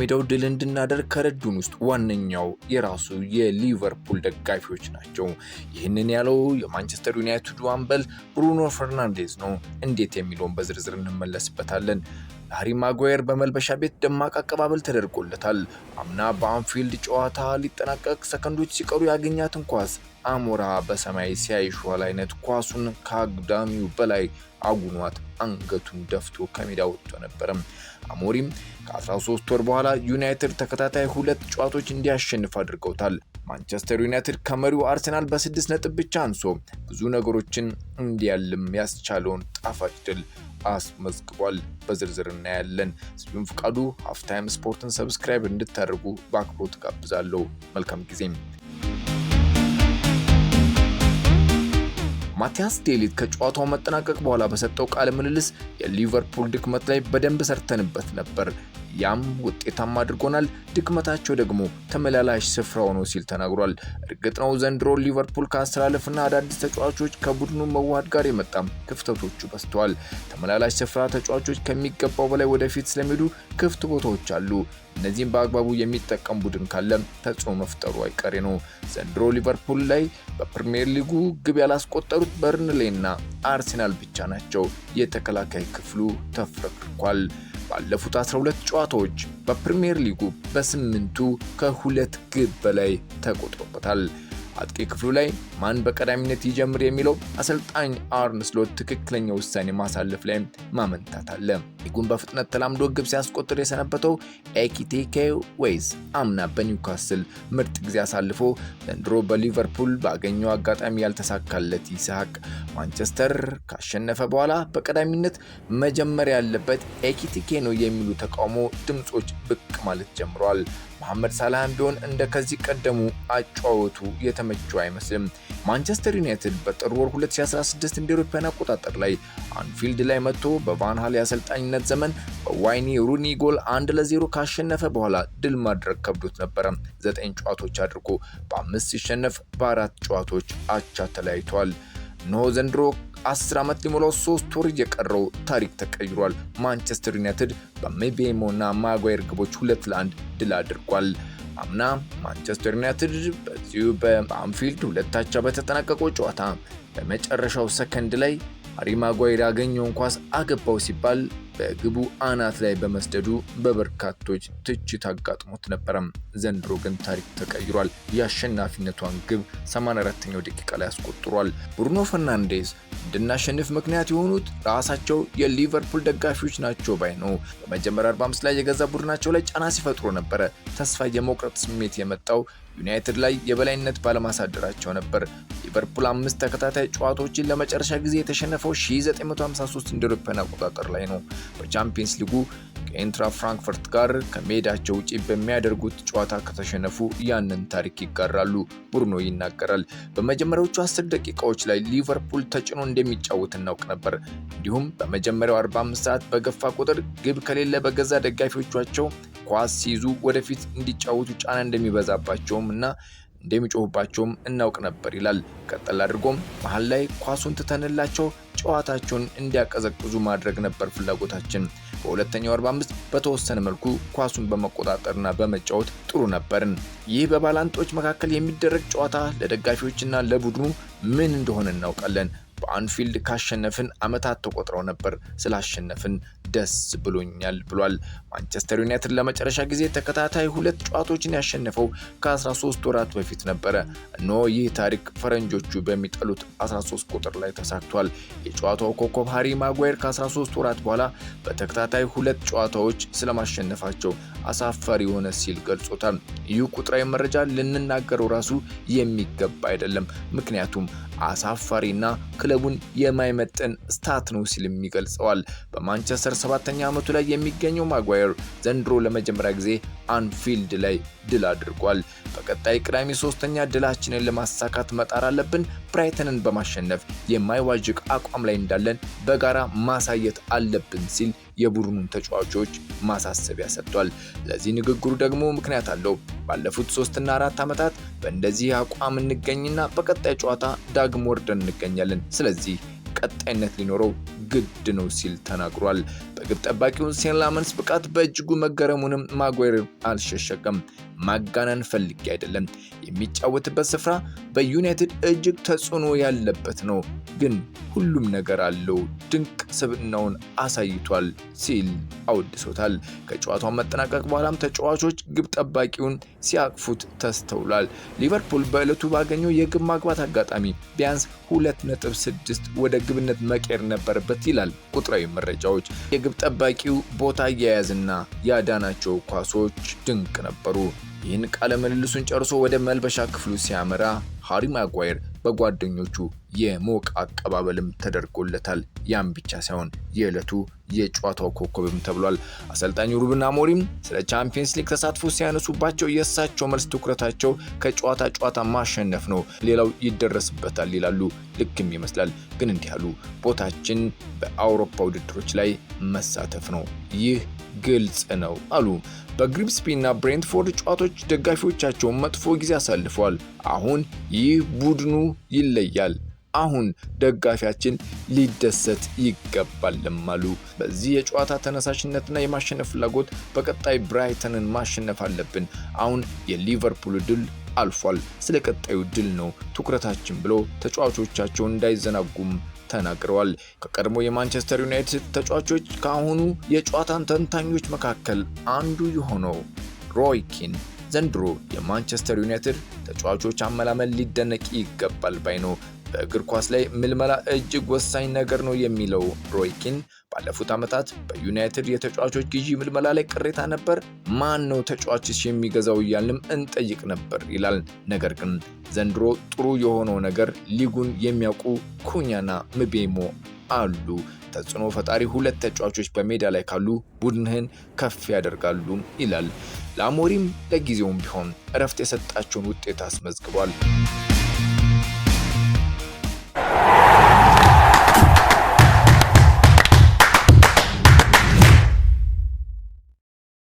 በሜዳው ድል እንድናደርግ ከረዱን ውስጥ ዋነኛው የራሱ የሊቨርፑል ደጋፊዎች ናቸው። ይህንን ያለው የማንቸስተር ዩናይትድ አምበል ብሩኖ ፈርናንዴዝ ነው። እንዴት የሚለውን በዝርዝር እንመለስበታለን። ሃሪ ማጓየር በመልበሻ ቤት ደማቅ አቀባበል ተደርጎለታል። አምና በአንፊልድ ጨዋታ ሊጠናቀቅ ሰከንዶች ሲቀሩ ያገኛትን ኳስ አሞራ በሰማይ ሲያይሸዋል አይነት ኳሱን ከአግዳሚው በላይ አጉኗት አንገቱን ደፍቶ ከሜዳ ወጥቶ ነበረም። አሞሪም ከ13 ወር በኋላ ዩናይትድ ተከታታይ ሁለት ጨዋታዎች እንዲያሸንፍ አድርገውታል። ማንቸስተር ዩናይትድ ከመሪው አርሰናል በስድስት ነጥብ ብቻ አንሶ ብዙ ነገሮችን እንዲያልም ያስቻለውን ጣፋጭ ድል አስመዝግቧል። በዝርዝር እናያለን። ስዩም ፍቃዱ። ሀፍታይም ስፖርትን ሰብስክራይብ እንድታደርጉ በአክብሮት ጋብዛለሁ። መልካም ጊዜም ማቲያስ ዴሊት ከጨዋታው መጠናቀቅ በኋላ በሰጠው ቃለ ምልልስ የሊቨርፑል ድክመት ላይ በደንብ ሰርተንበት ነበር ያም ውጤታማ አድርጎናል። ድክመታቸው ደግሞ ተመላላሽ ስፍራው ነው ሲል ተናግሯል። እርግጥ ነው ዘንድሮ ሊቨርፑል ከአስተላለፍና አዳዲስ ተጫዋቾች ከቡድኑ መዋሃድ ጋር የመጣም ክፍተቶቹ በዝተዋል። ተመላላሽ ስፍራ ተጫዋቾች ከሚገባው በላይ ወደፊት ስለሚሄዱ ክፍት ቦታዎች አሉ። እነዚህም በአግባቡ የሚጠቀም ቡድን ካለ ተጽዕኖ መፍጠሩ አይቀሬ ነው። ዘንድሮ ሊቨርፑል ላይ በፕሪምየር ሊጉ ግብ ያላስቆጠሩት በርንሌና አርሴናል ብቻ ናቸው። የተከላካይ ክፍሉ ተፍረክርኳል። ባለፉት 12 ጨዋታዎች በፕሪምየር ሊጉ በስምንቱ ከሁለት ግብ በላይ ተቆጥሮበታል። አጥቂ ክፍሉ ላይ ማን በቀዳሚነት ይጀምር የሚለው አሰልጣኝ አርነ ስሎት ትክክለኛ ውሳኔ ማሳለፍ ላይ ማመንታት አለ። ሊጉን በፍጥነት ተላምዶ ግብ ሲያስቆጥር የሰነበተው ኤኪቴኬ ወይስ አምና በኒውካስል ምርጥ ጊዜ አሳልፎ ዘንድሮ በሊቨርፑል ባገኘው አጋጣሚ ያልተሳካለት ይስሐቅ ማንቸስተር ካሸነፈ በኋላ በቀዳሚነት መጀመሪያ ያለበት ኤኪቴኬ ነው የሚሉ ተቃውሞ ድምጾች ብቅ ማለት ጀምረዋል። መሐመድ ሳላህም ቢሆን እንደ ከዚህ ቀደሙ አጫወቱ የተመቸው አይመስልም። ማንቸስተር ዩናይትድ በጥር ወር 2016 እንደ አውሮፓውያን አቆጣጠር ላይ አንፊልድ ላይ መጥቶ በቫንሃል የአሰልጣኝነት ዘመን በዋይኒ ሩኒ ጎል አንድ ለዜሮ ካሸነፈ በኋላ ድል ማድረግ ከብዶት ነበረ። ዘጠኝ ጨዋታዎች አድርጎ በአምስት ሲሸነፍ በአራት ጨዋታዎች አቻ ተለያይቷል። እነሆ ዘንድሮ 10 ዓመት ሊሞላው 3 ወር የቀረው ታሪክ ተቀይሯል። ማንቸስተር ዩናይትድ በሜቤሞ እና ማጓየር ግቦች 2 ለ1 ድል አድርጓል። አምና ማንቸስተር ዩናይትድ በዚሁ በአንፊልድ ሁለታቻ በተጠናቀቀው ጨዋታ በመጨረሻው ሰከንድ ላይ ሃሪ ማጓየር ያገኘውን ኳስ አገባው ሲባል በግቡ አናት ላይ በመስደዱ በበርካቶች ትችት አጋጥሞት ነበረም። ዘንድሮ ግን ታሪክ ተቀይሯል። የአሸናፊነቷን ግብ 84ኛው ደቂቃ ላይ አስቆጥሯል። ብሩኖ ፈርናንዴዝ እንድናሸንፍ ምክንያት የሆኑት ራሳቸው የሊቨርፑል ደጋፊዎች ናቸው ባይ ነው። በመጀመሪያ 45 ላይ የገዛ ቡድናቸው ላይ ጫና ሲፈጥሮ ነበረ። ተስፋ የመቁረጥ ስሜት የመጣው ዩናይትድ ላይ የበላይነት ባለማሳደራቸው ነበር። ሊቨርፑል አምስት ተከታታይ ጨዋታዎችን ለመጨረሻ ጊዜ የተሸነፈው 1953 እንደ አውሮፓውያን አቆጣጠር ላይ ነው። በቻምፒየንስ ሊጉ ከኤንትራ ፍራንክፈርት ጋር ከሜዳቸው ውጪ በሚያደርጉት ጨዋታ ከተሸነፉ ያንን ታሪክ ይጋራሉ ቡርኖ ይናገራል። በመጀመሪያዎቹ አስር ደቂቃዎች ላይ ሊቨርፑል ተጭኖ እንደሚጫወት እናውቅ ነበር። እንዲሁም በመጀመሪያው 45 ሰዓት በገፋ ቁጥር ግብ ከሌለ በገዛ ደጋፊዎቻቸው ኳስ ሲይዙ ወደፊት እንዲጫወቱ ጫና እንደሚበዛባቸውም እና እንደሚጮሁባቸውም እናውቅ ነበር ይላል። ቀጠል አድርጎም መሀል ላይ ኳሱን ትተንላቸው ጨዋታቸውን እንዲያቀዘቅዙ ማድረግ ነበር ፍላጎታችን። በሁለተኛው 45 በተወሰነ መልኩ ኳሱን በመቆጣጠርና በመጫወት ጥሩ ነበርን። ይህ በባላንጦች መካከል የሚደረግ ጨዋታ ለደጋፊዎችና ለቡድኑ ምን እንደሆነ እናውቃለን። አንፊልድ ካሸነፍን ዓመታት ተቆጥረው ነበር። ስላሸነፍን ደስ ብሎኛል ብሏል። ማንቸስተር ዩናይትድ ለመጨረሻ ጊዜ ተከታታይ ሁለት ጨዋታዎችን ያሸነፈው ከ13 ወራት በፊት ነበረ። እነሆ ይህ ታሪክ ፈረንጆቹ በሚጠሉት 13 ቁጥር ላይ ተሳክቷል። የጨዋታው ኮከብ ሃሪ ማጓየር ከ13 ወራት በኋላ በተከታታይ ሁለት ጨዋታዎች ስለማሸነፋቸው አሳፋሪ የሆነ ሲል ገልጾታል። ይህ ቁጥራዊ መረጃ ልንናገረው ራሱ የሚገባ አይደለም ምክንያቱም አሳፋሪና ክለቡን የማይመጥን ስታት ነው ሲልም ይገልጸዋል። በማንቸስተር ሰባተኛ ዓመቱ ላይ የሚገኘው ማጓየር ዘንድሮ ለመጀመሪያ ጊዜ አንፊልድ ላይ ድል አድርጓል። በቀጣይ ቅዳሜ ሶስተኛ ድላችንን ለማሳካት መጣር አለብን። ብራይተንን በማሸነፍ የማይዋዥቅ አቋም ላይ እንዳለን በጋራ ማሳየት አለብን ሲል የቡድኑን ተጫዋቾች ማሳሰቢያ ሰጥቷል። ለዚህ ንግግሩ ደግሞ ምክንያት አለው። ባለፉት ሶስትና አራት ዓመታት በእንደዚህ አቋም እንገኝና በቀጣይ ጨዋታ ዳግም ወርደን እንገኛለን። ስለዚህ ቀጣይነት ሊኖረው ግድ ነው ሲል ተናግሯል። በግብ ጠባቂው ሴን ላመንስ ብቃት በእጅጉ መገረሙንም ማጓየር አልሸሸቀም ማጋነን ፈልጌ አይደለም። የሚጫወትበት ስፍራ በዩናይትድ እጅግ ተጽዕኖ ያለበት ነው፣ ግን ሁሉም ነገር አለው። ድንቅ ስብናውን አሳይቷል ሲል አወድሶታል። ከጨዋታው መጠናቀቅ በኋላም ተጫዋቾች ግብ ጠባቂውን ሲያቅፉት ተስተውሏል። ሊቨርፑል በዕለቱ ባገኘው የግብ ማግባት አጋጣሚ ቢያንስ 2.6 ወደ ግብነት መቀየር ነበረበት ይላል ቁጥራዊ መረጃዎች። የግብ ጠባቂው ቦታ አያያዝና ያዳናቸው ኳሶች ድንቅ ነበሩ። ይህን ቃለ ምልልሱን ጨርሶ ወደ መልበሻ ክፍሉ ሲያመራ ሃሪ ማጓየር በጓደኞቹ የሞቅ አቀባበልም ተደርጎለታል። ያም ብቻ ሳይሆን የዕለቱ የጨዋታው ኮከብም ተብሏል። አሰልጣኝ ሩብን አሞሪም ስለ ቻምፒየንስ ሊግ ተሳትፎ ሲያነሱባቸው የእሳቸው መልስ ትኩረታቸው ከጨዋታ ጨዋታ ማሸነፍ ነው፣ ሌላው ይደረስበታል ይላሉ። ልክም ይመስላል። ግን እንዲህ አሉ። ቦታችን በአውሮፓ ውድድሮች ላይ መሳተፍ ነው። ይህ ግልጽ ነው አሉ። በግሪምስቢና ብሬንትፎርድ ጨዋታዎች ደጋፊዎቻቸውን መጥፎ ጊዜ አሳልፈዋል። አሁን ይህ ቡድኑ ይለያል አሁን ደጋፊያችን ሊደሰት ይገባልም አሉ። በዚህ የጨዋታ ተነሳሽነትና የማሸነፍ ፍላጎት በቀጣይ ብራይተንን ማሸነፍ አለብን። አሁን የሊቨርፑል ድል አልፏል። ስለ ቀጣዩ ድል ነው ትኩረታችን ብሎ ተጫዋቾቻቸው እንዳይዘናጉም ተናግረዋል። ከቀድሞ የማንቸስተር ዩናይትድ ተጫዋቾች ከአሁኑ የጨዋታን ተንታኞች መካከል አንዱ የሆነው ሮይ ኪን ዘንድሮ የማንቸስተር ዩናይትድ ተጫዋቾች አመላመል ሊደነቅ ይገባል ባይ ነው። በእግር ኳስ ላይ ምልመላ እጅግ ወሳኝ ነገር ነው የሚለው ሮይኪን ባለፉት ዓመታት በዩናይትድ የተጫዋቾች ግዢ ምልመላ ላይ ቅሬታ ነበር። ማን ነው ተጫዋችስ የሚገዛው እያልንም እንጠይቅ ነበር ይላል። ነገር ግን ዘንድሮ ጥሩ የሆነው ነገር ሊጉን የሚያውቁ ኩኛና ምቤሞ አሉ። ተጽዕኖ ፈጣሪ ሁለት ተጫዋቾች በሜዳ ላይ ካሉ ቡድንህን ከፍ ያደርጋሉ ይላል። ለአሞሪም ለጊዜውም ቢሆን እረፍት የሰጣቸውን ውጤት አስመዝግቧል።